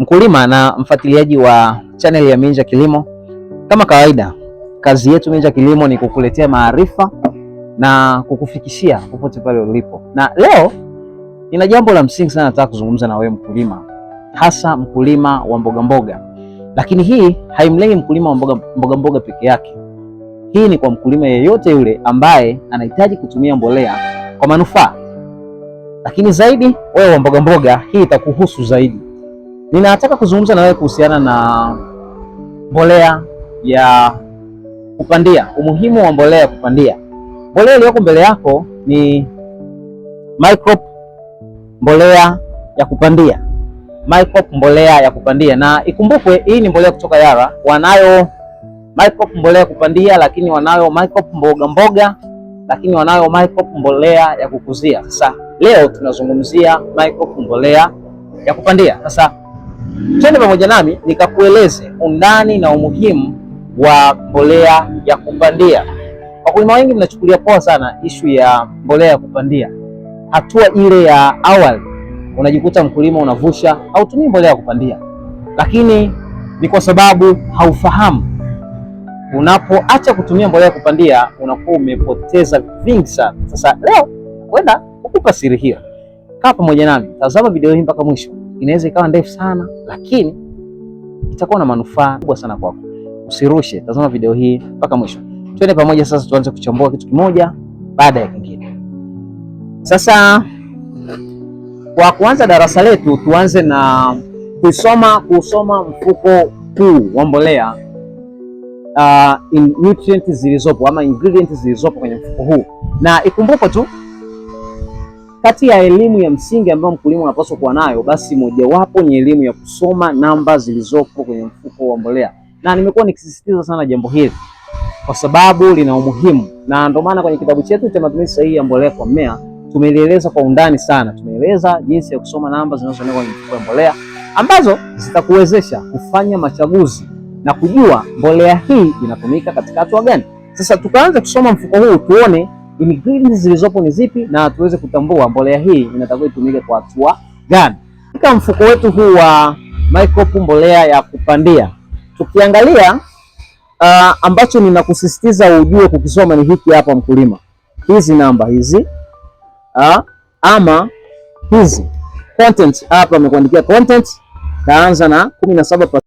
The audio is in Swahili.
Mkulima na mfuatiliaji wa channel ya Minja Kilimo, kama kawaida, kazi yetu Minja Kilimo ni kukuletea maarifa na kukufikishia popote pale ulipo, na leo nina jambo la msingi sana nataka kuzungumza na wewe mkulima, hasa mkulima wa mbogamboga, lakini hii haimlengi mkulima wa mboga mboga peke yake. Hii ni kwa mkulima yeyote yule ambaye anahitaji kutumia mbolea kwa manufaa, lakini zaidi wewe wa mboga, hii itakuhusu zaidi. Ninataka kuzungumza na wewe kuhusiana na mbolea ya kupandia, umuhimu wa mbolea ya kupandia. Mbolea iliyoko mbele yako ni Microp mbolea ya kupandia, Microp mbolea ya kupandia, na ikumbukwe hii ni mbolea kutoka Yara. Wanayo Microp mbolea ya kupandia, lakini wanayo Microp mboga mboga, lakini wanayo Microp mbolea ya kukuzia. Sasa leo tunazungumzia Microp mbolea ya kupandia. Sasa Twende pamoja nami nikakueleze undani na umuhimu wa mbolea ya kupandia. Wakulima wengi mnachukulia poa sana ishu ya mbolea ya kupandia. Hatua ile ya awali unajikuta mkulima unavusha, hautumii mbolea ya kupandia, lakini ni kwa sababu haufahamu. Unapoacha kutumia mbolea ya kupandia unakuwa umepoteza vingi sana. Sasa leo kwenda kukupa siri hiyo. Kaa pamoja nami, tazama video hii mpaka mwisho inaweza ikawa ndefu sana, lakini itakuwa na manufaa kubwa sana kwako. Usirushe, tazama video hii mpaka mwisho. Twende pamoja sasa, tuanze kuchambua kitu kimoja baada ya kingine. Sasa kwa kuanza darasa letu, tuanze na kusoma kusoma mfuko huu wa mbolea uh, in nutrients zilizopo ama ingredients zilizopo kwenye mfuko huu, na ikumbukwe tu kati ya elimu ya msingi ambayo mkulima anapaswa kuwa nayo, basi mojawapo ni elimu ya kusoma namba zilizopo kwenye mfuko wa mbolea, na nimekuwa nikisisitiza sana jambo hili kwa sababu lina umuhimu, na ndio maana kwenye kitabu chetu cha matumizi sahihi ya mbolea kwa mmea tumelieleza kwa undani sana. Tumeeleza jinsi ya kusoma namba zinazoonekana kwenye mfuko wa mbolea ambazo zitakuwezesha kufanya machaguzi na kujua mbolea hii inatumika katika hatua gani. Sasa tukaanza kusoma mfuko huu tuone ni zilizopo ni zipi na tuweze kutambua mbolea hii inatakiwa itumike kwa hatua gani. Katika mfuko wetu huu wa Mikrop mbolea ya kupandia tukiangalia, uh, ambacho ninakusisitiza ujue kukisoma ni hiki hapa, mkulima, hizi namba hizi uh, ama hizi content hapa amekuandikia content, kaanza na 17%